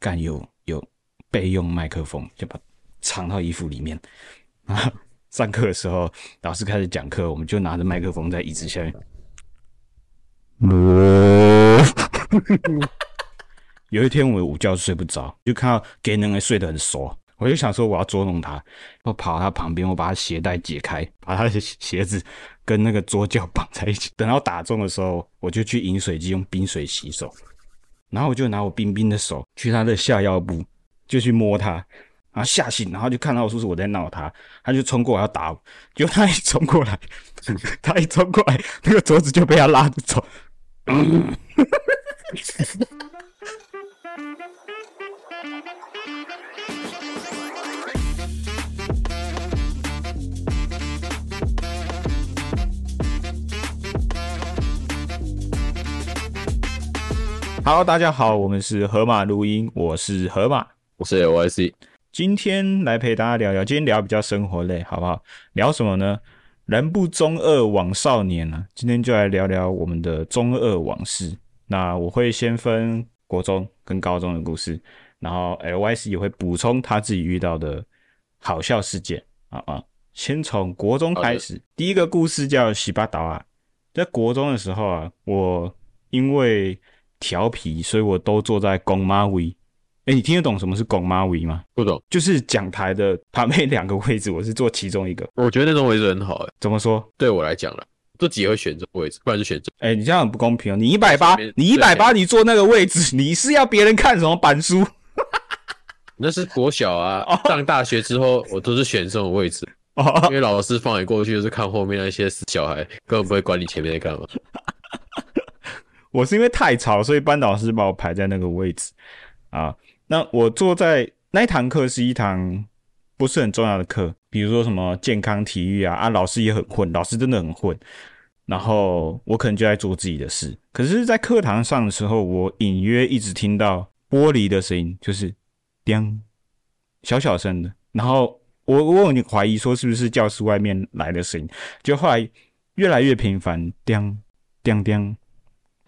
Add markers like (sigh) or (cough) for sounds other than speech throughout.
幹，有有備用麥克風，就把藏到衣服裡面。啊，上課的時候老師開始講課，我們就拿着麥克風在椅子下面。嗯、 (laughs) 有一天我午覺睡不着，就看到 g e n n 睡得很熟，我就想說我要捉弄他，我跑到他旁邊，我把他鞋帶解開，把他的鞋子跟那個桌角綁在一起。等到打中的時候，我就去飲水機用冰水洗手。然後我就拿我冰冰的手去他的下腰部，就去摸他，然後嚇醒，然後就看到叔叔我在鬧他，他就衝過來要打我，結果他一衝過來，他一衝過來，過來那個桌子就被他拉着走。嗯 (laughs) 好，Hello, 大家好，我們是河馬錄音，我是河馬，我是 Lyc，今天來陪大家聊聊，今天聊比較生活類，好不好？聊什麼呢？人不中二枉少年啊，今天就來聊聊我們的中二往事。那我會先分國中跟高中的故事，然後 Lyc 也會補充他自己遇到的好笑事件啊啊，先從國中開始。的第一個故事叫喜巴島啊，在國中的時候啊，我因為調皮，所以我都坐在公媽位。哎、欸，你聽得懂什麼是公媽位嗎？不懂，就是講台的旁邊兩個位置，我是坐其中一個。我覺得那種位置很好哎、欸。怎麼說？對我來講啦，自己會選擇位置，不然就選擇哎、欸，你這樣很不公平哦、喔！你一百八，你一百八，你坐那個位置，對你是要別人看什麼板書？那是國小啊。 (laughs) 上大學之後，我都是選這種位置， (laughs) 因為老師放你過去就是看後面那些小孩，根本不會管你前面在幹嘛。 (laughs) 我是因為太吵，所以班導師把我排在那個位置啊。那我坐在那，一堂課是一堂不是很重要的課，比如說什麼健康體育啊啊，老師也很混，老師真的很混。然後我可能就在做自己的事，可是，在課堂上的時候，我隱約一直聽到玻璃的聲音，就是“叮”，小小聲的。然後我我有懷疑說是不是教室外面來的聲音，就後來越來越頻繁，“叮叮叮”叮。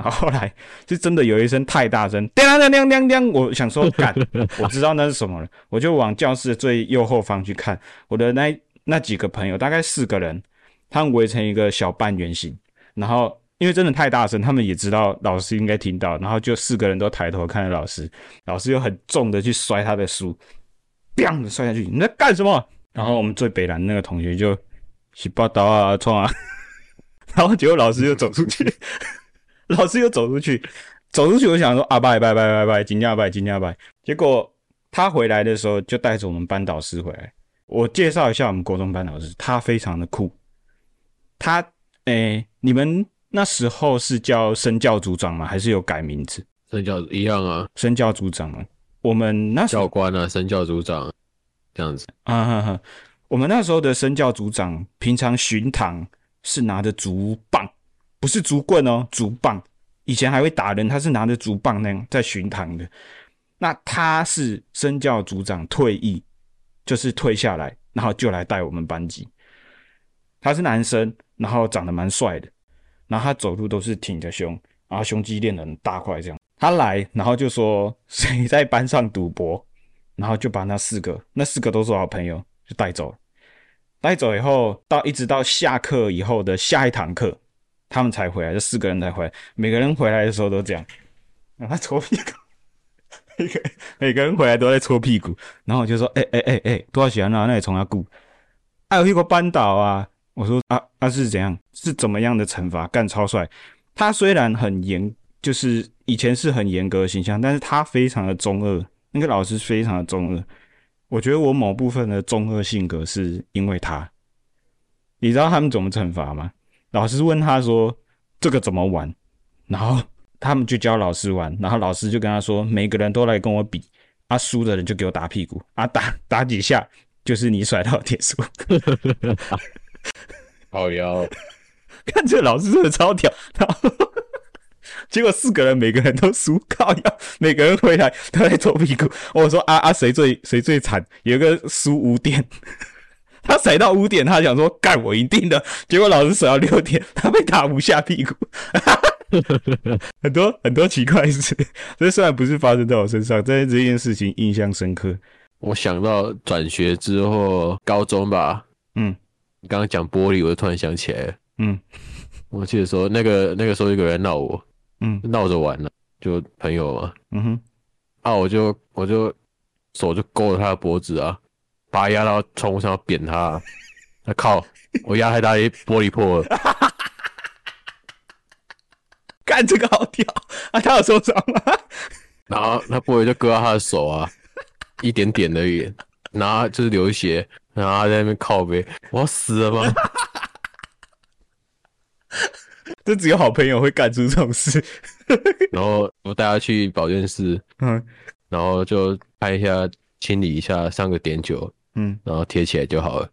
然後後來就真的有一聲太大聲，叮當當當當當！我想說，幹，我知道那是什麼了。我就往教室最右後方去看，我的那那幾個朋友，大概四個人，他們圍成一個小半圓形。然後因為真的太大聲，他們也知道老師應該聽到，然後就四個人都抬頭看着老師。老師又很重的去摔他的書，砰的摔下去。你在幹什麼？然後我們最北南的那個同學就，去報道啊，衝啊。然後結果老師就走出去。 (laughs) 老師又走出去，走出去我想說啊拜拜拜拜拜，今天拜，啊，今天拜，啊。結果他回來的時候就帶着我們班導師回來。我介紹一下我們國中班導師，他非常的酷。他誒、欸，你們那時候是叫生教組長嗎？還是有改名字？生教一樣啊，生教組長啊。我們那時候教官啊，生教組長這樣子啊，啊，啊。我們那時候的生教組長平常巡堂是拿着竹棒。不是竹棍哦，竹棒。以前還會打人，他是拿着竹棒那樣在巡堂的。那他是生教組長，退役就是退下來，然後就來帶我們班級。他是男生，然後長得蠻帥的，然後他走路都是挺着胸，然後胸肌練得很大塊這樣。他來，然後就說誰在班上賭博，然後就把那四個，那四個都是好朋友，就帶走了。帶走以後，到一直到下課以後的下一堂課。他們才回來，就四個人才回來。每個人回來的時候都這樣，然後他搓屁股。 (laughs) 每個人每個人回來都在搓屁股。然後我就說：“哎哎哎哎，多少喜歡那那裡從那過。還有一個班導啊。我去我啊”我說：“啊啊是怎樣？是怎麼樣的懲罰？幹超帥。”他雖然很嚴，就是以前是很嚴格的形象，但是他非常的中二。那個老師非常的中二。我覺得我某部分的中二性格是因為他。你知道他們怎麼懲罰嗎？老師問他說：“這個怎麼玩？”然後他們就教老師玩，然後老師就跟他說：“每個人都來跟我比，啊，輸的人就給我打屁股，啊打，打打幾下就是你甩到鐵樹。”好妖，看這個老師真的超屌。然後 (laughs) 結果四個人每個人都輸，靠腰，每個人回來都在做屁股。我說：“啊啊誰，誰最誰最慘？有一個輸五點。”他甩到五點，他想說幹，我一定的，結果老師甩到六點，他被打五下屁股， (laughs) (laughs) 很多很多奇怪事，這雖然不是發生在我身上，但這件事情印象深刻。我想到轉學之後高中吧，嗯，你剛剛講玻璃，我就突然想起來，嗯，我記得說那個那個時候有個人鬧我，嗯，鬧着玩呢，就朋友嘛，嗯哼，啊，我就我就手就勾了他的脖子啊。把他壓到窗戶上要扁他、啊，啊、他靠，我壓太大玻璃破了。幹這個好屌，他有受傷嗎？然後他玻璃就割到他的手啊，一點點的，然後就是流血，然後他在那邊靠唄。我要死了嗎？就只有好朋友會幹出這種事。然後我帶他去保健室，嗯，然後就看一下，清理一下，上個碘酒。嗯，然後貼起來就好了。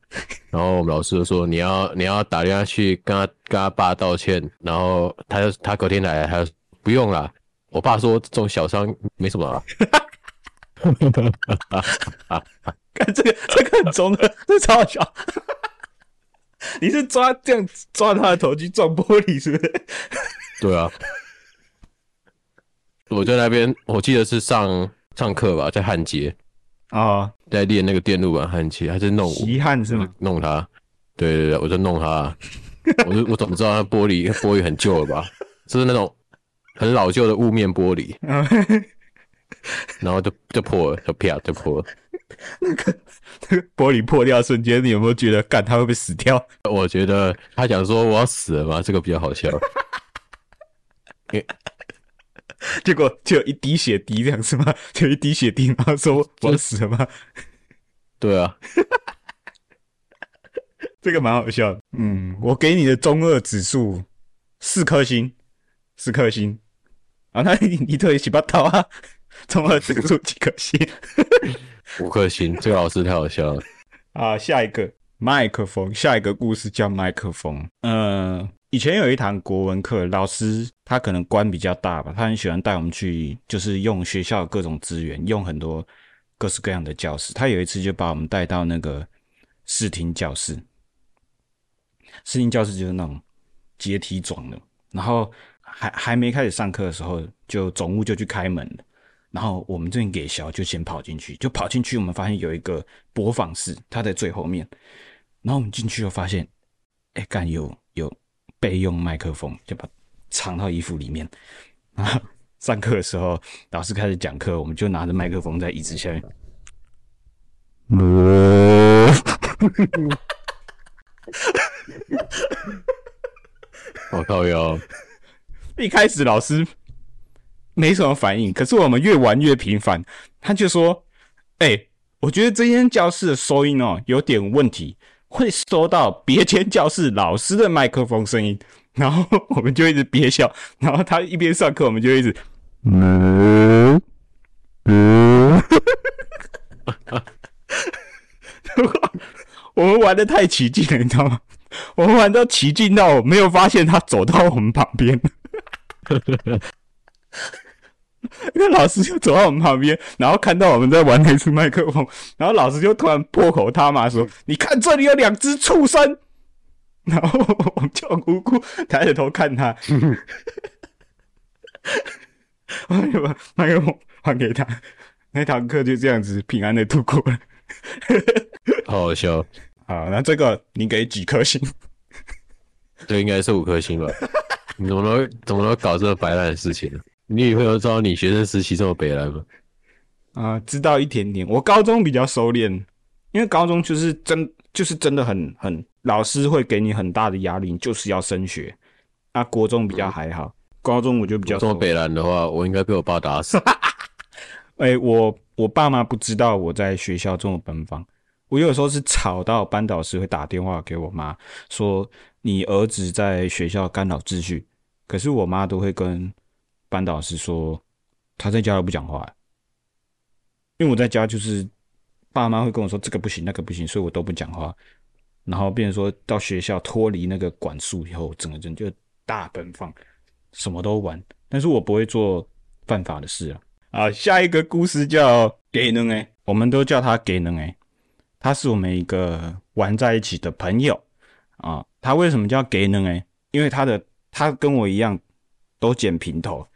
然後我們老師就說，你要你要打電話去跟他跟他爸道歉。然後他就，他隔天來，他就說不用了。我爸說這種小傷沒什麼、啊 (laughs) 啊。哈哈哈！哈、啊、哈！哈哈！看這個，這個很重的這超好笑。 (laughs) 你是抓這樣抓他的頭去撞玻璃，是不是？ (laughs) 對啊。我在那邊，我記得是上上課吧，在焊接。啊。Oh. 在練那個電路板焊機，還在弄遺憾是嗎？弄它，對對對，對，我就弄它。 (laughs) 我就我怎麼知道它玻璃 (laughs) 玻璃很舊了吧？就是那種很老舊的霧面玻璃， (laughs) 然後就就破了，就啪就破了， (laughs) 那個，那個玻璃破掉瞬間，你有沒有覺得幹他會不會死掉？ (laughs) 我覺得他想說我要死了吧，這個比較好笑。 (laughs) 結果就有一滴血滴這樣子嗎？就一滴血滴嗎？說我死了嗎？對啊， (laughs) 這個蠻好笑的。嗯，我給你的中二指數四顆星，四顆星。啊，那你你特別喜歡打啊，中二指數幾顆星？五顆星，這個老師太好笑了。啊， (laughs) 下一個麥克風，下一個故事叫麥克風。嗯、呃。以前有一堂國文課，老師他可能官比較大吧，他很喜歡帶我們去，就是用學校各種資源，用很多各式各樣的教室。他有一次就把我們帶到那個視聽教室，視聽教室就是那種階梯狀的。然後還還沒開始上課的時候，就總務就去開門了。然後我們這邊給小就先跑進去，就跑進去，我們發現有一個播放室，它在最後面。然後我們進去又發現，哎、欸，幹有有。有備用麥克風，就把它藏到衣服裡面。啊，上課的時候，老師開始講課，我們就拿着麥克風在椅子下面。我靠喲！一開始老師沒什麼反應，可是我們越玩越頻繁，他就說：“哎，我覺得這間教室的收音哦、喔、有點問題。”會收到別間教室老師的麥克風聲音，然後我們就一直憋笑，然後他一邊上課，我們就一直，嗯，嗯， (laughs) (laughs) 我們玩的太起勁了，你知道嗎？我們玩到起勁到我沒有發現他走到我們旁邊。 (laughs) 那老師就走到我們旁邊，然後看到我們在玩那支麥克風，然後老師就突然破口大罵說、嗯：“你看這裡有兩隻畜生！”然後我就很無辜抬着頭看他，嗯、 (laughs) 我把麥克風還給他，那堂課就這樣子平安的度過了。 (laughs) 好好笑。好，那這個你給幾顆星？ (laughs) 這應該是五顆星吧？你怎麼怎麼搞這麼白爛的事情？你女朋友知道你學生時期這麼北了嗎？啊、呃，知道一點點。我高中比較收斂，因為高中就是真就是真的很很，老師會給你很大的壓力，就是要升學。那、啊、國中比較還好，嗯、高中我就比較收斂。這麼北了的話，我應該被我爸打死。哎、 (laughs) 欸，我我爸媽不知道我在學校這麼奔放。我有時候是吵到班導師會打電話給我媽，說你兒子在學校干擾秩序，可是我媽都會跟。班導師說他在家都不講話，啊，因為我在家就是爸媽會跟我說這個不行，那個不行，所以我都不講話。然後變成說到學校脫離那個管束以後，整個人就大奔放，什麼都玩。但是我不會做犯法的事啊。好，下一個故事叫給能哎，我們都叫他給能哎，他是我們一個玩在一起的朋友啊。他為什麼叫給能哎？因為他的他跟我一樣都剪平頭。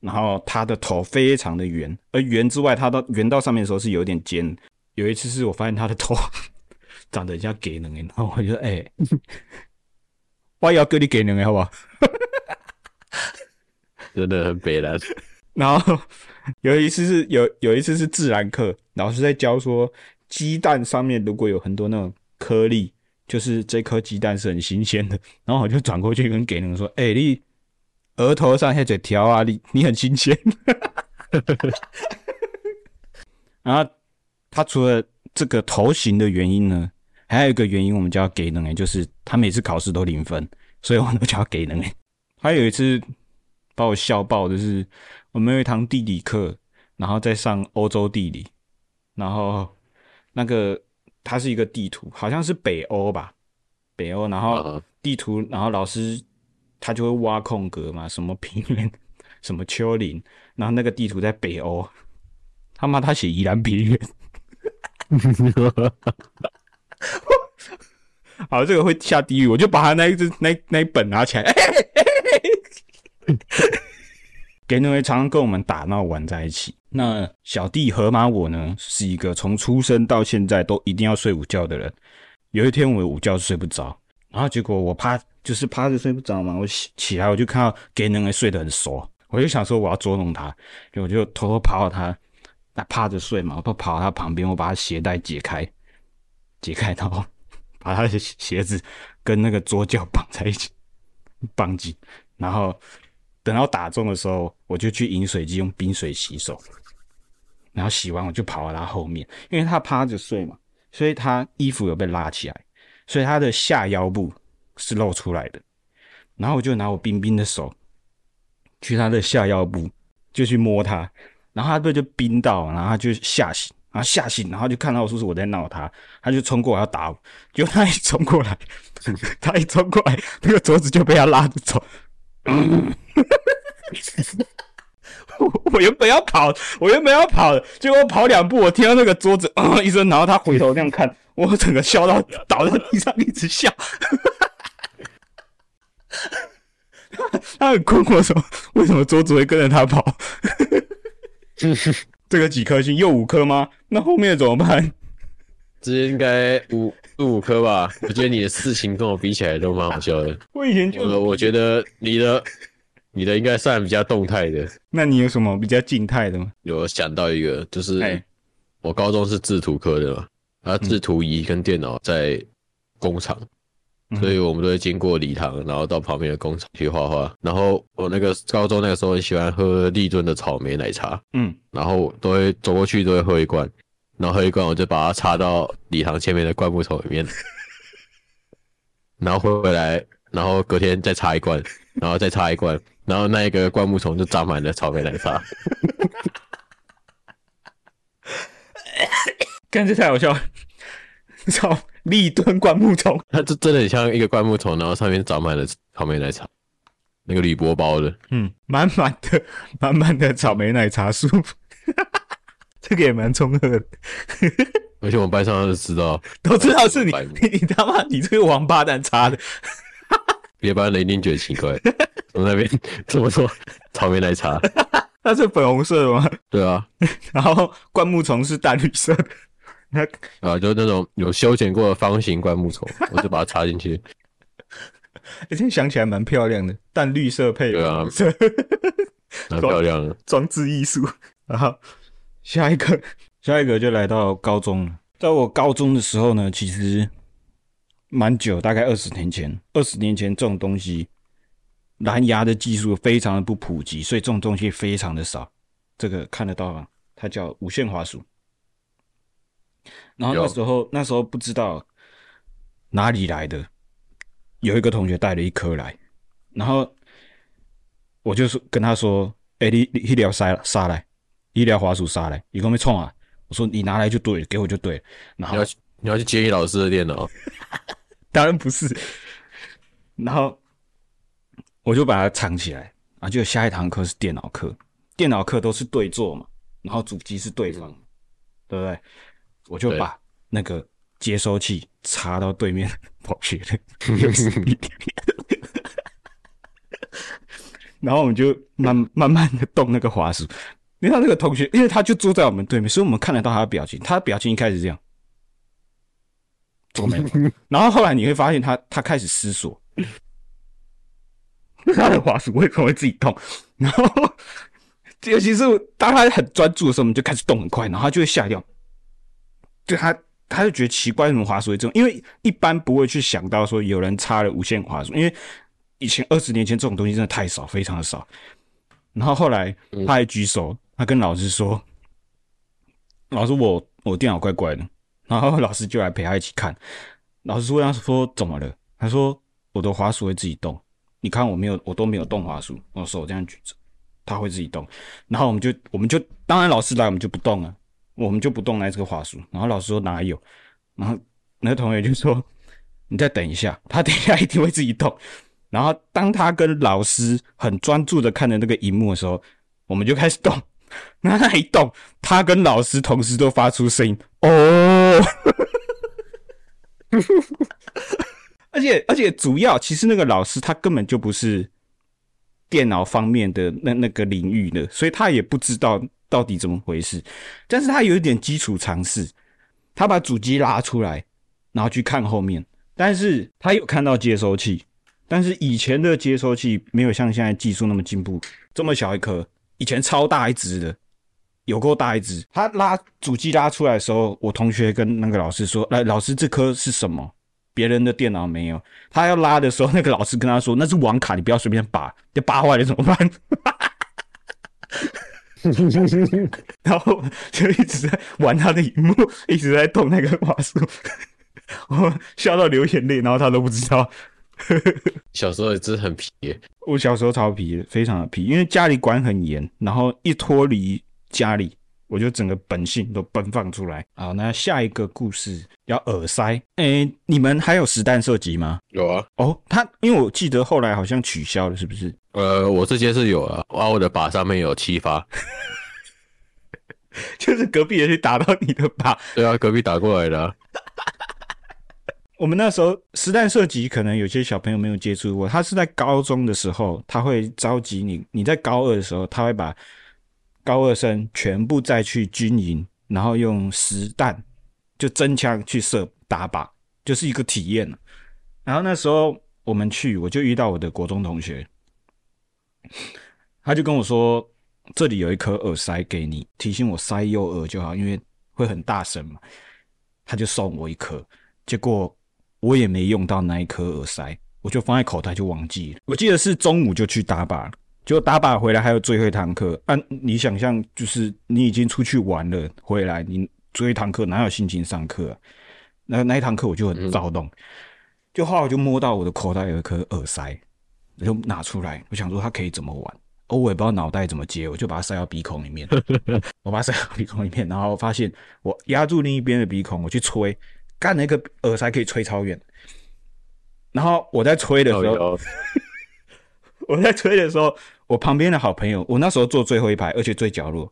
然後他的頭非常的圓，而圓之外，他到圓到上面的時候是有點尖。有一次是我發現他的頭長得很像給人哎，然後我就說哎，欸、 (laughs) 我要給你給人好不好？真的很悲哀。然後有一次是有有一次是自然課，老師在教說雞蛋上面如果有很多那種顆粒，就是這顆雞蛋是很新鮮的。然後我就轉過去跟給人說：“哎、欸，你。”額頭上下嘴條啊，你你很新鮮。 (laughs) 然後他除了這個頭型的原因呢，還有一個原因，我們就要給能哎，就是他每次考試都零分，所以我們就要給能哎。還有一次把我笑爆，就是我們有一堂地理課，然後在上歐洲地理，然後那個它是一個地圖，好像是北歐吧，北歐，然後地圖，然後老師。他就會挖空格嘛，什麼平原，什麼丘陵，然後那個地圖在北歐，他媽他寫宜蘭平原， (laughs) (laughs) 好，這個會下地獄，我就把他那一只那那一本拿起來，給 (laughs) (laughs) (laughs) 那位常常跟我們打鬧玩在一起。那小弟河馬我呢，是一個從出生到現在都一定要睡午覺的人。有一天我午覺睡不着。然後結果我趴，就是趴着睡不着嘛。我起起來，我就看到給人睡得很熟。我就想說我要捉弄他，就我就偷偷跑到他，他趴着睡嘛，我跑跑到他旁邊，我把他鞋帶解開，解開，然後把他的鞋子跟那個桌腳綁在一起，綁緊。然後等到打中的時候，我就去飲水機用冰水洗手。然後洗完我就跑到他後面，因為他趴着睡嘛，所以他衣服有被拉起來。所以他的下腰部是露出來的，然後我就拿我冰冰的手去他的下腰部就去摸他，然後他被就冰到，然後他就嚇醒，然後嚇醒，然後就看到我叔叔我在鬧他，他就衝過來要打我，結果他一衝過來，他一衝過來，過來那個桌子就被他拉着走，嗯、 (laughs) 我原本要跑，我原本要跑，結果我跑兩步，我聽到那個桌子嗯、呃、一聲，然後他回頭這樣看。我整個笑到倒在地上，一直笑,笑。他很困惑，說：“為什麼桌子會跟着他跑？”這個幾顆星又五顆嗎？那後面怎麼辦？這應該五五顆吧？我覺得你的事情跟我比起來都蠻好笑的。我以前覺得，我覺得你的你的應該算比較動態的。那你有什麼比較靜態的嗎？有想到一個，就是我高中是制圖科的嘛。啊，製圖儀跟電腦在工廠，嗯，所以我們都會經過禮堂，然後到旁邊的工廠去畫畫。然後我那個高中那個時候很喜歡喝立頓的草莓奶茶，嗯，然後都會走過去都會喝一罐，然後喝一罐我就把它插到禮堂前面的灌木叢裡面， (laughs) 然後回回來，然後隔天再插一罐，然後再插一罐，然後那一個灌木叢就紮滿了草莓奶茶。 (laughs) (laughs) 感這太好笑了！草立墩灌木叢，它這真的很像一個灌木叢，然後上面長滿了草莓奶茶，那個鋁箔包的，嗯，滿滿的滿滿的草莓奶茶酥。 (laughs) 這個也蠻充。合的。 (laughs) 而且我們班上都知道，都知道是你，他你，你他媽你這個王八蛋插的！別 (laughs) 班雷丁定覺得奇怪，從 (laughs) 那邊怎麼說草莓奶茶？ (laughs) 它是粉紅色的嗎？對啊，然後灌木叢是淡綠色的。啊， (laughs) 就是那種有修剪過的方形灌木叢， (laughs) 我就把它插進去。現在、欸、想起來蠻漂亮的，淡綠色配，對啊，蠻是 (laughs) 裝漂亮的裝置藝術，然後下一個，下一個就來到高中了。在我高中的時候呢，其實蠻久，大概二十年前。二十年前，這種東西藍牙的技術非常的不普及，所以這種東西非常的少。這個看得到嗎？它叫無線滑鼠。然後那時候、啊、那時候不知道哪裡來的，有一個同學帶了一顆來，然後我就跟他說：“哎、欸，你你醫療殺殺來，醫療滑鼠殺來，你幹沒衝啊？”我說：“你拿來就對了，給我就對了。”然後你要，你要去接一老師的電腦？ (laughs) 當然不是。然後我就把它藏起來啊！然後就下一堂課是電腦課，電腦課都是對坐嘛，然後主機是對方，對不對？我就把那個接收器插到對面的同學了對 (laughs) 然後我們就慢 (laughs) 慢慢的動那個滑鼠。你看那個同學，因為他就坐在我們對面，所以我們看得到他的表情。他的表情一開始這樣，皺眉，然後後來你會發現他他開始思索，他的滑鼠為什麼會自己動？然後，尤其是當他，他很專注的時候，我們就開始動很快，然後他就會嚇掉。就他，他就覺得奇怪，為什麼滑鼠會這樣？因為一般不會去想到說有人插了無線滑鼠，因為以前二十年前這種東西真的太少，非常的少。然後後來他還舉手，他跟老師說：“老師，我我電腦怪怪的。”然後老師就來陪他一起看。老師說，他說：“怎麼了？”他說：“我的滑鼠會自己動。你看我沒有，我都沒有動滑鼠，我手這樣舉着，他會自己動。”然後我們就我們就當然老師來，我們就不動了。我們就不動來這個滑鼠，然後老師說哪有，然後那個同學就說你再等一下，他等一下一定會自己動。然後當他跟老師很專注的看着那個螢幕的時候，我們就開始動。那他一動，他跟老師同時都發出聲音哦， (laughs) (laughs) 而且而且主要其實那個老師他根本就不是電腦方面的那那個領域的，所以他也不知道。到底怎麼回事？但是他有一點基礎常識，他把主機拉出來，然後去看後面。但是他有看到接收器，但是以前的接收器沒有像現在技術那麼進步，這麼小一顆，以前超大一隻的，有夠大一隻。他拉主機拉出來的時候，我同學跟那個老師說：“來，老師，這顆是什麼？別人的電腦沒有。”他要拉的時候，那個老師跟他說：“那是網卡，你不要隨便拔，要拔壞了怎麼辦？” (laughs) (laughs) 然後就一直在玩他的熒幕，一直在動那個滑鼠。我笑到流眼淚，然後他都不知道。小時候也是很皮，我小時候超皮的，非常的皮，因為家裡管很嚴，然後一脫離家裡，我就整個本性都奔放出來。好，那下一個故事要耳塞。哎、欸，你們還有實彈射擊嗎？有啊。哦，他因為我記得後來好像取消了，是不是？呃，我這些是有了、啊，哇，我的靶上面有七發， (laughs) 就是隔壁也去打到你的靶，對啊，隔壁打過來的。 (laughs) 我們那時候實彈射擊，可能有些小朋友沒有接觸過，他是在高中的時候，他會召集你，你在高二的時候，他會把高二生全部再去軍營，然後用實彈就真槍去射打靶，就是一個體驗。然後那時候我們去，我就遇到我的國中同學。他就跟我說：“這裡有一顆耳塞給你，提醒我塞右耳就好，因為會很大聲嘛。”他就送我一顆，結果我也沒用到那一顆耳塞，我就放在口袋就忘記了。我記得是中午就去打靶，結果打靶回來還有最後一堂課。按、啊、你想象，就是你已經出去玩了，回來你最後一堂課哪有心情上課、啊？那那一堂課我就很躁動，嗯、就後來就摸到我的口袋有一顆耳塞。我就拿出來，我想說它可以怎麼玩，而我也不知道腦袋怎麼接，我就把它塞到鼻孔裡面。 (laughs) 我把它塞到鼻孔裡面，然後發現我壓住另一邊的鼻孔，我去吹，幹那個耳塞可以吹超遠。然後我在吹的時候，倒倒 (laughs) 我在吹的時候，我旁邊的好朋友，我那時候坐最後一排，而且最角落，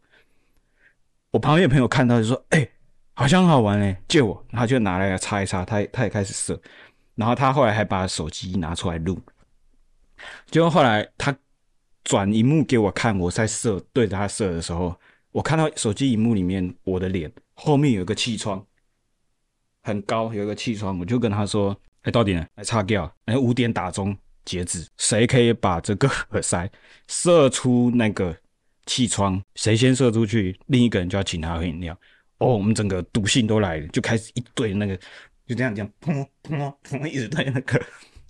我旁邊的朋友看到就說：“哎、欸，好像很好玩哎、欸，借我。”然後他就拿來擦一擦，他也他也開始射，然後他後來還把手機拿出來錄。就後來他轉螢幕給我看，我在射對着他射的時候，我看到手機熒幕裡面我的臉後面有一個氣窗，很高，有一個氣窗。我就跟他說：“哎、欸，到底呢？哎，擦掉。哎，五點打鐘截止，誰可以把這個耳塞射出那個氣窗？誰先射出去，另一個人就要請他喝飲料。”哦，我們整個賭性都來了，就開始一堆那個，就這樣這樣砰砰砰,砰一直對那個。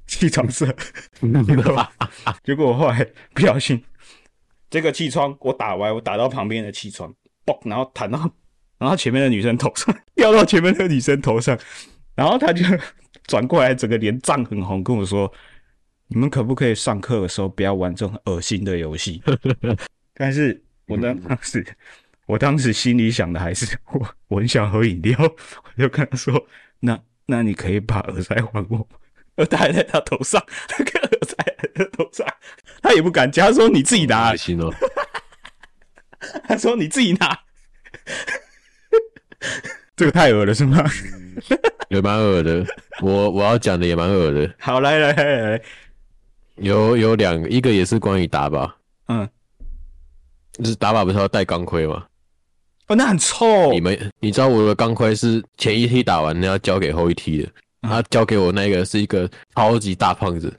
氣窗色，明白吧？ (laughs) 啊、結果我後來不小心，這個氣窗我打歪，我打到旁邊的氣窗，嘣，然後彈到，然後前面的女生頭上，掉到前面的女生頭上，然後他就轉過來，整個臉漲很紅，跟我說：“你們可不可以上課的時候不要玩這種噁心的遊戲。” (laughs) 但是我、嗯、當時，我當時心裡想的還是我我很想喝飲料，我就跟他說：“那那你可以把耳塞還我。”戴在他頭上，刻他他在他頭上，他也不敢講。他說你：“你自己拿。”他說：“你自己拿。”這個太噁了，是嗎？有蠻噁的。我我要講的也蠻噁的。好，來來來來來，有有兩個，一個也是關於打靶。嗯，就是打靶不是要戴鋼盔嗎？哦，那很臭。你們你知道我的鋼盔是前一梯打完要交給後一梯的。他交給我那個是一個超級大胖子，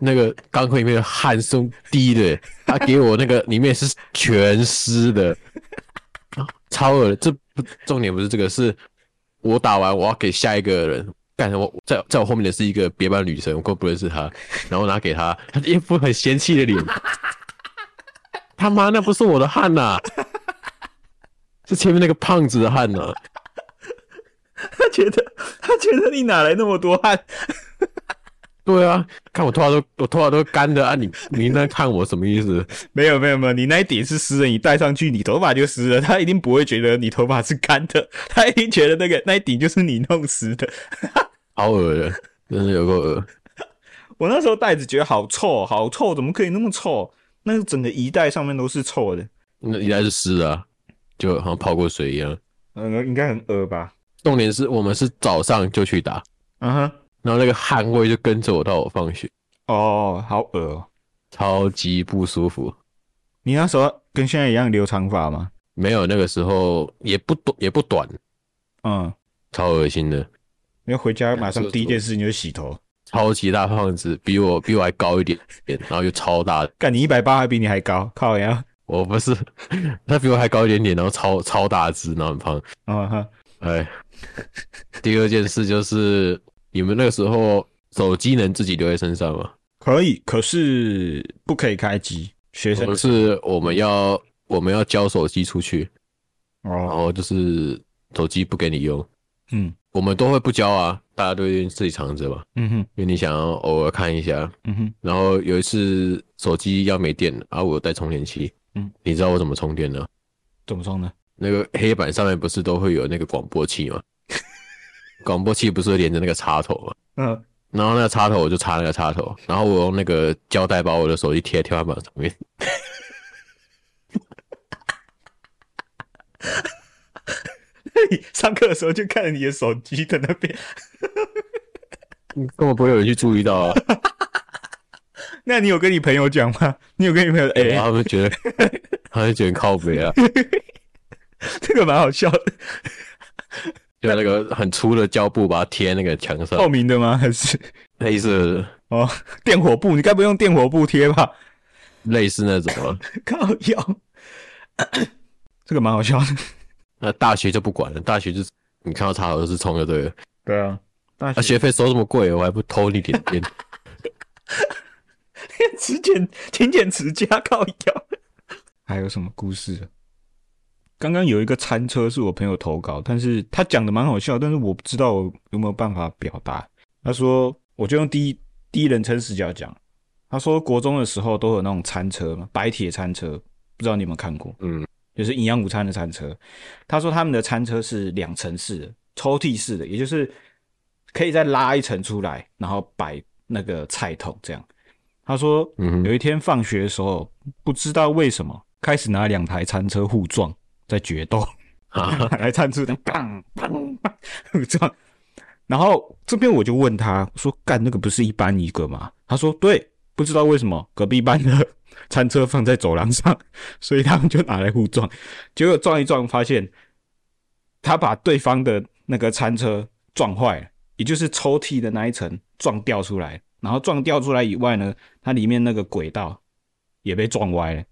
那個鋼盔裡面的汗松滴的。他給我那個裡面是全濕的，超惡，這不重點不是這個，是我打完我要給下一個人幹什麼？在在我後面的是一個別班女生，我根本不認識她，然後拿給她，她一副很嫌棄的臉。他媽，那不是我的汗吶、啊，是前面那個胖子的汗吶、啊。他覺得，他覺得你哪來那麼多汗？ (laughs) 對啊，看我頭髮都，我頭髮都乾的啊你！你你那看我什麼意思？沒有沒有沒有，你那一頂是濕的，你戴上去，你頭髮就濕了。他一定不會覺得你頭髮是乾的，他一定覺得那個那一頂就是你弄濕的。好 (laughs) 噁的，真的有夠噁 (laughs) 我那時候袋子覺得好臭，好臭，怎麼可以那麼臭？那個整個一袋上面都是臭的。那一袋是濕的啊，就好像泡過水一樣。嗯，應該很噁吧？重點是我們是早上就去打，嗯哼、uh，huh. 然後那個汗味就跟着我到我放學。哦、oh, 喔，好惡，超級不舒服。你那時候跟現在一樣留長髮嗎？沒有，那個時候也不短也不短。嗯、uh，huh. 超噁心的。你回家馬上第一件事情就洗頭。超級大胖子，比我比我還高一點點，然後又超大的。幹 (laughs) 你一百八還比你還高，靠呀！我不是， (laughs) 他比我還高一點點，然後超超大只，然後很胖。嗯哼、uh，哎、huh.。 (laughs) 第二件事就是， (laughs) 你們那個時候手機能自己留在身上嗎？可以，可是不可以開機。學生不是我們要我們要交手機出去，哦，然後就是手機不給你用。嗯，我們都會不交啊，大家都會自己藏着嘛。嗯哼，因為你想要偶爾看一下。嗯哼，然後有一次手機要沒電了，啊，我帶充電器。嗯，你知道我怎麼充電呢？怎麼充呢？那個黑板上面不是都會有那個廣播器嗎？廣播器不是連着那個插頭嗎？嗯，然後那個插頭我就插那個插頭，然後我用那個膠帶把我的手機貼在天花板上面。 (laughs) 你上課的時候就看着你的手機在那邊， (laughs) 你根本不會有人去注意到啊。 (laughs) 那你有跟你朋友講嗎？你有跟你朋友講？哎、欸，他們覺得 (laughs) 他是覺得靠北啊， (laughs) 這個蠻好笑的。 (laughs) 用那個很粗的膠布把它貼那個牆上。透明的嗎？還是類似哦？電火布？你該不用電火布貼吧？類似那種。 (laughs) 靠腰， (coughs) 這個蠻好笑的。那大學就不管了，大學就是你看到插頭都是充就對了。對啊，那學費、啊、收這麼貴，我還不偷你點電？勤儉，勤儉持家靠腰。 (laughs) 還有什麼故事？剛剛有一個餐車是我朋友投稿，但是他講的蠻好笑，但是我不知道我有沒有辦法表達。他說，我就用第一第一人稱視角講。他說，國中的時候都有那種餐車嘛，白鐵餐車，不知道你有沒有看過？嗯，就是營養午餐的餐車。他說他們的餐車是兩層式的，抽屜式的，也就是可以再拉一層出來，然後擺那個菜桶這樣。他說，嗯哼，有一天放學的時候，不知道為什麼開始拿兩台餐車互撞。在決鬥，啊，呵 (laughs) 出啊，來餐車的砰砰撞，然後這邊我就問他說：“幹那個不是一般一個嗎？”他說：“對，不知道為什麼隔壁班的餐車放在走廊上，所以他們就拿來互撞，結果撞一撞，發現他把對方的那個餐車撞壞了，也就是抽屜的那一層撞掉出來，然後撞掉出來以外呢，它裡面那個軌道也被撞歪了。”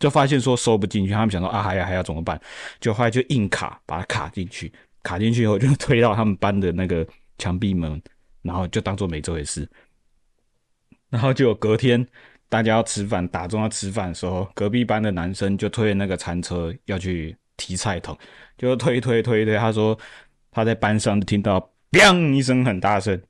就發現說收不進去，他們想說啊，還要還要怎麼辦？就後來就硬卡把它卡進去，卡進去以後就推到他們班的那個牆壁門，然後就當做沒這回事。然後就隔天大家要吃飯，打鐘要吃飯的時候，隔壁班的男生就推那個餐車要去提菜桶，就推一推推一推。他說他在班上就聽到“砰”一聲很大聲，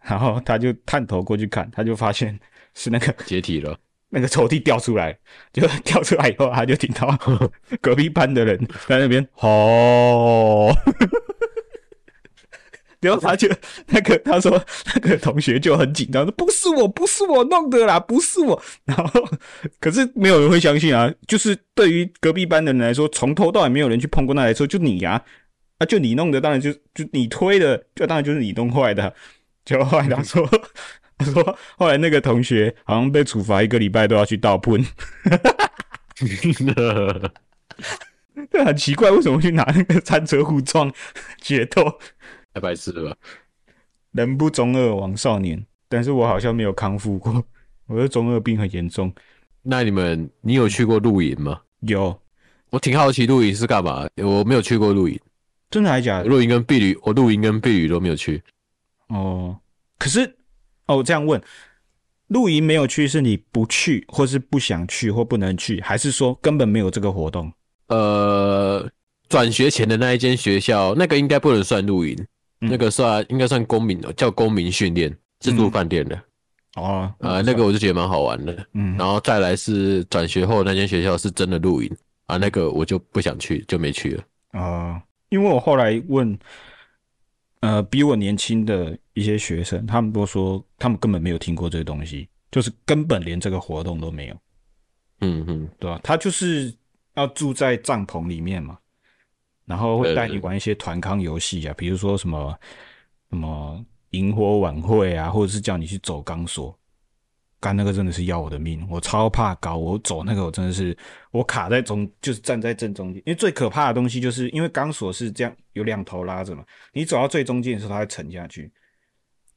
然後他就探頭過去看，他就發現是那個解體了。那個抽屜掉出來，就掉出來以後，他就聽到隔壁班的人在那邊吼， (laughs) (laughs) 然後他就那個他說那個同學就很緊張，說不是我不是我弄的啦，不是我。然後可是沒有人會相信啊，就是對於隔壁班的人來說，從頭到尾沒有人去碰過那來說就你呀、啊，啊就你弄的，當然就就你推的，就當然就是你弄壞的，就後來他說。嗯 (laughs) 他說：“後來那個同學好像被處罰，一個禮拜都要去倒噴。”哈哈哈哈哈！這很奇怪，為什麼去拿那個餐車護撞決鬥？ (laughs) 太白痴了吧！人不中二枉少年，但是我好像沒有康復過。我的中二病很嚴重。那你們，你有去過露營嗎？有。我挺好奇露營是幹嘛？我沒有去過露營。真的還是假的？露營跟避雨，我露營跟避雨都沒有去。哦，可是。哦，我這樣問，露營沒有去，是你不去，或是不想去，或不能去，還是說根本沒有這個活動？呃，轉學前的那一間學校，那個應該不能算露營，嗯、那個算應該算公民，叫公民訓練，自助飯店的。嗯、哦，啊、呃，那個我就覺得蠻好玩的。嗯，然後再來是轉學後的那間學校是真的露營啊，那個我就不想去，就沒去了。啊、呃，因為我後來問。呃，比我年輕的一些學生，他們都說他們根本沒有聽過這個東西，就是根本連這個活動都沒有。嗯哼，對啊，他就是要住在帳篷裡面嘛，然後會帶你玩一些團康遊戲啊，嗯、比如說什麼什麼營火晚會啊，或者是叫你去走鋼索。幹，那個真的是要我的命，我超怕高，我走那個我真的是我卡在中，就是站在正中間。因為最可怕的東西就是因為鋼索是這樣有兩頭拉着嘛，你走到最中間的時候它會沉下去。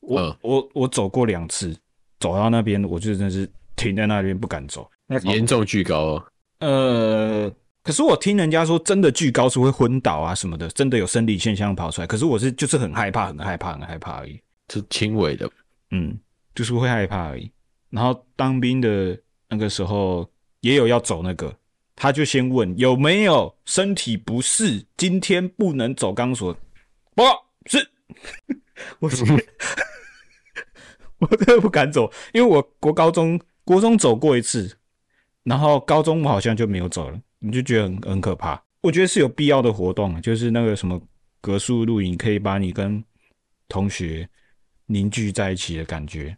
我、呃、我我走過兩次，走到那邊我就真的是停在那邊不敢走。那個、嚴重巨高哦，呃，可是我聽人家說真的巨高是會昏倒啊什麼的，真的有生理現象跑出來。可是我是就是很害怕，很害怕，很害怕而已，是輕微的，嗯，就是會害怕而已。然後當兵的那個時候也有要走那個，他就先問有沒有身體不適，今天不能走鋼索。報告是，我什麼？ (laughs) 我真的不敢走，因為我國高中國中走過一次，然後高中我好像就沒有走了。你就覺得很很可怕。我覺得是有必要的活動，就是那個什麼格數錄影，可以把你跟同學凝聚在一起的感覺。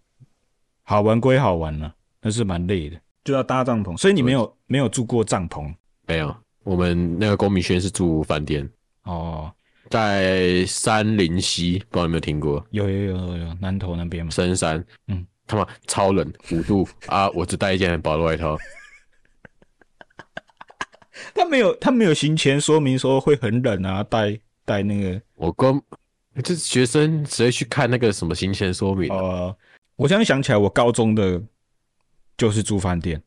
好玩歸好玩呢，啊，但是蠻累的，就要搭帳篷。所以你沒有我沒有住過帳篷？沒有，我們那個公明軒是住飯店。哦，在杉林溪，不知道你有沒有聽過？有，有有有有，南投那邊嘛。深山，嗯，他媽超冷，五度 (laughs) 啊！我只帶一件很薄的外套。 (laughs) 他沒有，他沒有行前說明說會很冷啊，帶帶那個我跟這，就是，學生直接去看那個什麼行前說明，啊，哦。我現在想起來，我高中的就是住飯店，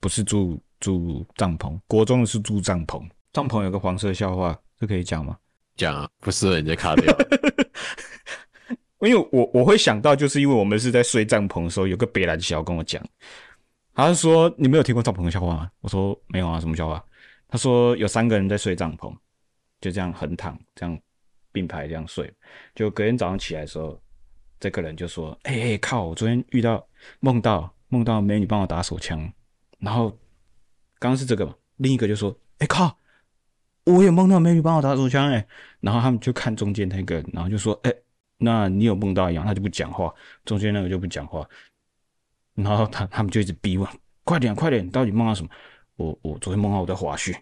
不是住住帳篷。國中的是住帳篷，帳篷有個黃色的笑話，這可以講嗎？講啊，不適合你就卡掉。 (laughs) 因為我我會想到，就是因為我們是在睡帳篷的時候，有個別人的小跟我講，他說：“你沒有聽過帳篷的笑話嗎？”我說：“沒有啊，什麼笑話？”他說：“有三個人在睡帳篷，就這樣橫躺，這樣並排這樣睡，就隔天早上起來的時候。”這個人就說：“哎、欸、哎，靠！我昨天遇到夢到夢到美女幫我打手槍。”然後剛剛是這個，另一個就說：“哎、欸、靠！我也夢到美女幫我打手槍。”哎，然後他們就看中間那個，然後就說：“哎、欸，那你有夢到一樣？”他就不講話，中間那個就不講話。然後他他們就一直逼問：“快點，快點，你到底夢到什麼？”我我昨天夢到我在滑雪。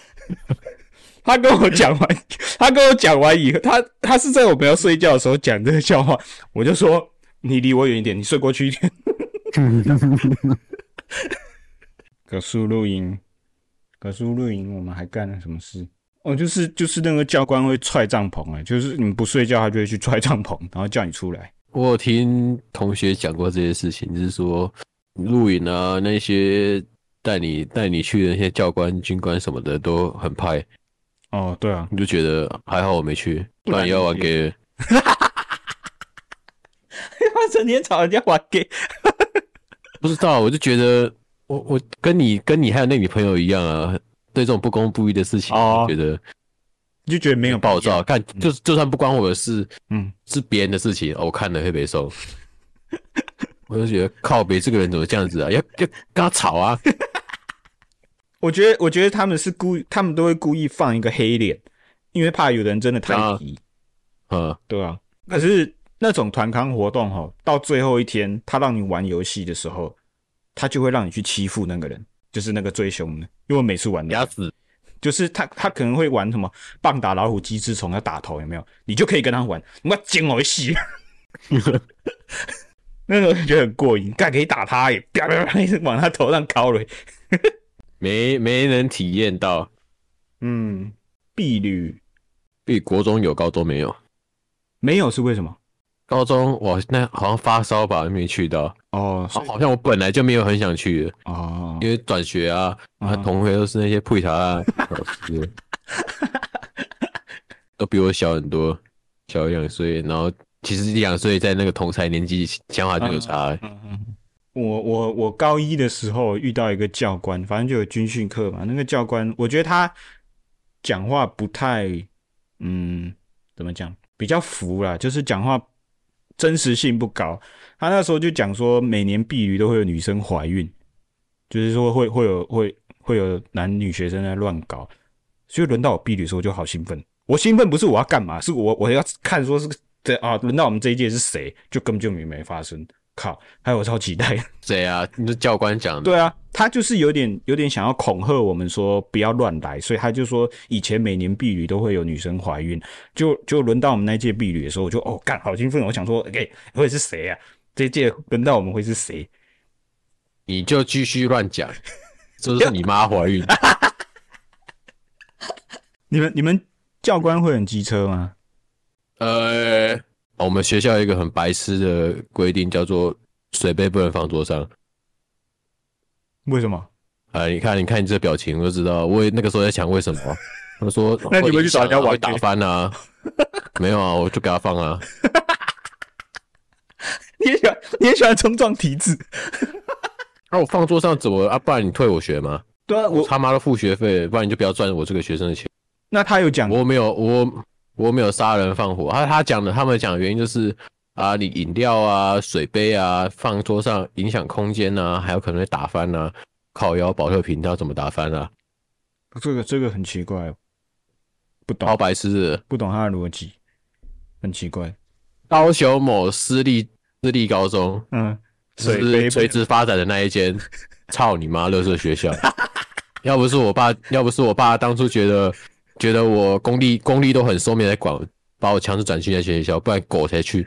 (laughs) (laughs) 他跟我講完，他跟我講完以後，他他是在我們要睡覺的時候講這個笑話，我就說，你離我遠一點，你睡過去一點。可 (laughs) 是 (laughs) (laughs) 露營，可是露營，我們還幹了什麼事？哦，就是就是那個教官會踹帳篷啊，就是你不睡覺，他就會去踹帳篷，然後叫你出來。我有聽同學講過這些事情，就是說露營啊，那些帶你帶你去的那些教官、軍官什麼的都很怕。哦，oh, 對啊，你就覺得還好我沒去，不然要玩 gay，哈哈哈哈哈！要整天吵人家玩 gay， (laughs) 不知道，我就覺得我我跟你跟你還有那女朋友一樣啊，對這種不公不義的事情，oh, 我覺得你就覺得沒有暴躁，看、嗯、就就算不關我的事，嗯，是別人的事情，我看了會被收。 (laughs) 我就覺得靠北這個人怎麼這樣子啊，要要跟他吵啊。 (laughs) 我覺得，我覺得他們是故意，他們都會故意放一個黑臉，因為怕有人真的太皮。嗯、啊，啊對啊。可是那種團康活動吼，到最後一天他讓你玩遊戲的時候，他就會讓你去欺負那個人，就是那個最兇的。因為每次玩牙齒，死就是他他可能會玩什麼棒打老虎雞吃蟲，要打頭有沒有？你就可以跟他玩，我要我一戲。那時候就覺得很過癮，蓋可以打他也，啪啪啪一直往他頭上敲了 (laughs) 沒沒能體驗到，嗯，畢旅比國中有，高中沒有，沒有是為什麼？高中我那好像發燒吧，沒去到哦，哦，好像我本來就沒有很想去了哦，因為轉學啊，同、嗯、同學都是那些普茶查老師，嗯、 (laughs) 都比我小很多，小兩歲，然後其實一兩歲在那個同才年紀想法就有差，欸。嗯嗯嗯嗯我我我高一的時候遇到一個教官，反正就有軍訓課嘛。那個教官，我覺得他講話不太，嗯，怎麼講，比較浮啦，就是講話真實性不高。他那時候就講說，每年畢旅都會有女生懷孕，就是說會會有會會有男女學生在亂搞。所以輪到我畢旅的時候，就好興奮。我興奮不是我要幹嘛，是我我要看說是個啊，輪到我們這一屆是誰，就根本就沒沒發生。靠！還、哎、有我超期待。誰啊，那教官講的。 (laughs) 對啊，他就是有點有點想要恐嚇我們，說不要亂來，所以他就說，以前每年畢旅都會有女生懷孕，就就輪到我們那屆畢旅的時候，我就哦幹，好興奮，我想說，OK、欸、會是誰啊？這屆輪到我們會是誰？你就繼續亂講，就 (laughs) 是你媽懷孕。 (laughs) (laughs) 你們你們教官會很機車嗎？呃。我們學校有一個很白痴的規定，叫做水杯不能放桌上。為什麼？啊、哎，你看，你看你這個表情，我就知道，我也那個時候在想，為什麼。 (laughs) 他說：“那你們去找人家玩，啊、打翻啊！” (laughs) 沒有啊，我就給他放啊。 (laughs) 你也喜歡，你也喜歡衝撞體制。那、 (laughs) 啊、我放桌上怎麼？啊，不然你退我學嗎？對啊，我他媽的付學費，不然你就不要賺我這個學生的錢。那他有講？我沒有，我。我沒有殺人放火，啊、他他講的，他們講的原因就是啊，你飲料啊、水杯啊放桌上影響空間啊，還有可能會打翻啊。靠腰保特瓶它怎麼打翻啊？這個這個很奇怪，不懂。好白癡的不懂他的邏輯，很奇怪。高雄某私立私立高中，嗯，垂直垂直發展的那一間，操 (laughs) 你媽垃圾學校。 (laughs) 要不是我爸，要不是我爸當初覺得。覺得我功力功力都很受免的在管，把我強制轉去在學校，不然狗才去。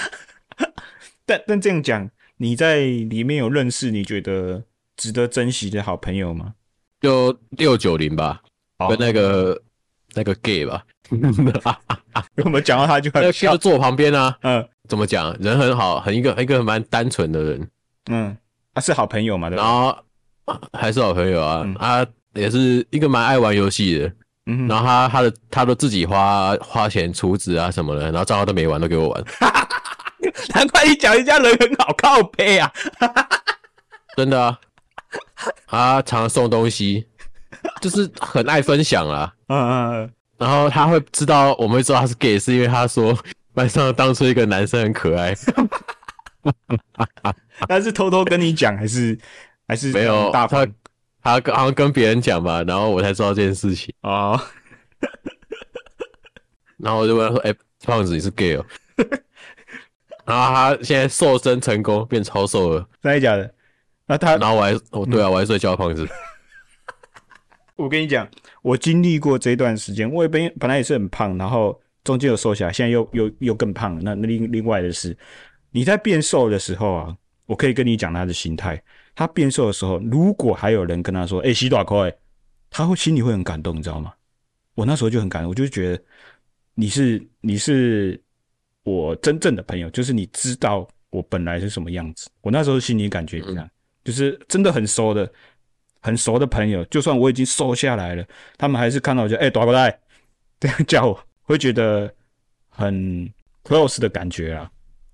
(laughs) 但但這樣講，你在裡面有認識你覺得值得珍惜的好朋友嗎？就六九零吧，哦、跟那個那個 gay 吧。我們講到他就開始笑，坐我旁邊啊。嗯，怎麼講？人很好，很一個一個蠻單純的人。嗯，他、啊、是好朋友嘛，對吧？然後還是好朋友啊、嗯、啊。也是一個蠻愛玩遊戲的，嗯、哼然後他他的他都自己花花錢儲值啊什麼的，然後賬號都沒玩，都給我玩。 (laughs) 難怪你講人家人很好靠背啊！ (laughs) 真的啊，他常送東西，就是很愛分享啊。嗯。 (laughs) 然後他會知道我們會知道他是 gay，是因為他說班上當初一個男生很可愛。 (laughs) (laughs) 但是偷偷跟你講，還是還是沒有大方他他跟好像跟別人講吧，然後我才知道這件事情哦。Oh. (laughs) 然後我就問他說：“哎、欸，胖子，你是 gay 哦？” (laughs) 然後他現在瘦身成功，變超瘦了。真的假的？那他……然後我還哦、嗯喔，對啊，我還說叫胖子。我跟你講，我經歷過這一段時間，我本本來也是很胖，然後中間有瘦下來，現在又又又更胖了。那那另另外的是，你在變瘦的時候啊，我可以跟你講他的心態。他變瘦的時候，如果還有人跟他說：“哎、欸，洗短褲哎”，他會心裡會很感動，你知道嗎？我那時候就很感動，我就覺得你是你是我真正的朋友，就是你知道我本來是什麼樣子。我那時候心裡感覺怎樣，嗯、就是真的很熟的、很熟的朋友，就算我已經瘦下來了，他們還是看到我就“哎、欸，大高帶”這樣叫我，我會覺得很 close 的感覺啊。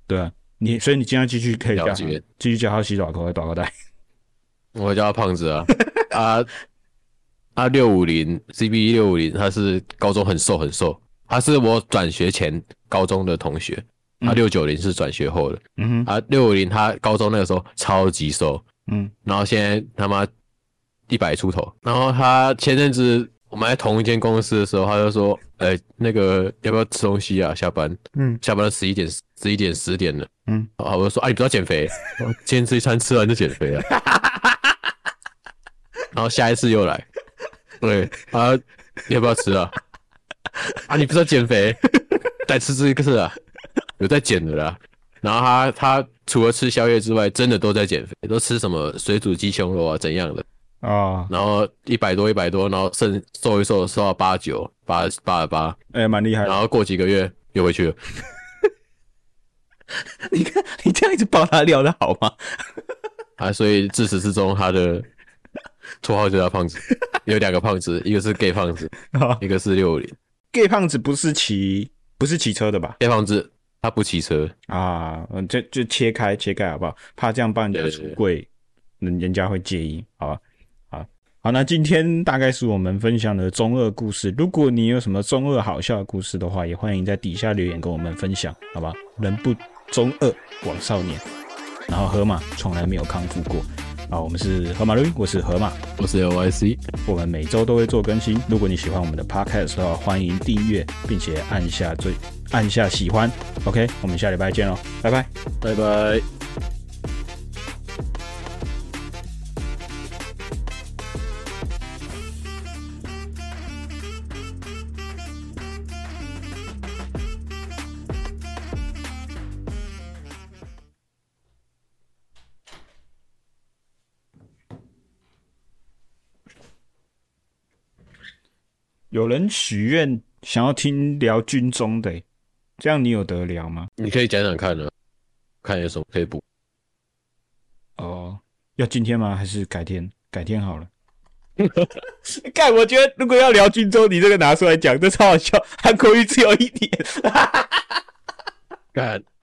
對啊，你所以你今天繼續可以叫，繼解續叫他洗短快或大高帶、欸。大我叫他胖子啊，啊他六五零，C B 六五零，他是高中很瘦很瘦，他是我轉學前高中的同學，他六九零是轉學後的，嗯啊六五零他高中那個時候超級瘦，嗯，然後現在他媽一百出頭，然後他前陣子我們在同一間公司的時候，他就說、欸，哎那個要不要吃東西啊下班，嗯下班了十一點十一點十點了，嗯啊我就說哎不要減肥，今天這一餐吃完就減肥了。 (laughs) 然後下一次又來，對啊，你要不要吃啊？ (laughs) 啊，你不是說減肥， (laughs) (laughs) 再吃這一次啊？有在減的啦。然後他他除了吃宵夜之外，真的都在減肥，都吃什麼水煮雞胸肉啊，怎樣的啊？Oh. 然後一百多一百多，然後剩瘦一瘦瘦到八九八八八，哎，蠻厲害。然後過幾個月又回去了。 (laughs) 你看你這樣子爆他的料好嗎？ (laughs) 啊，所以自始至終他的。綽號就叫胖子，有兩個胖子， (laughs) 一個是 gay 胖子， (laughs) 一個是六零。gay 胖子不是騎不是騎車的吧？gay 胖子他不騎車啊，就就切開切開好不好？怕這樣幫你出櫃。對對對對人家會介意好吧好？好，那今天大概是我們分享的中二故事。如果你有什麼中二好笑的故事的話，也歡迎在底下留言跟我們分享，好吧？人不中二枉少年，然後河馬從來沒有康复過。啊，我們是河馬錄音，我是河馬，我是 Lyc。我們每周都會做更新。如果你喜歡我們的 Podcast 的話，歡迎訂閱，並且按下最按下喜歡。OK，我們下禮拜見嘍，拜拜，拜拜。有人許願想要聽聊軍中的，這樣你有得聊嗎？你可以講講看了看有什麼可以補。哦，oh, 要今天嗎？還是改天？改天好了。幹 (laughs) (laughs) 我覺得如果要聊軍中，你這個拿出來講，這超好笑。韓國語只有一點。幹。 (laughs)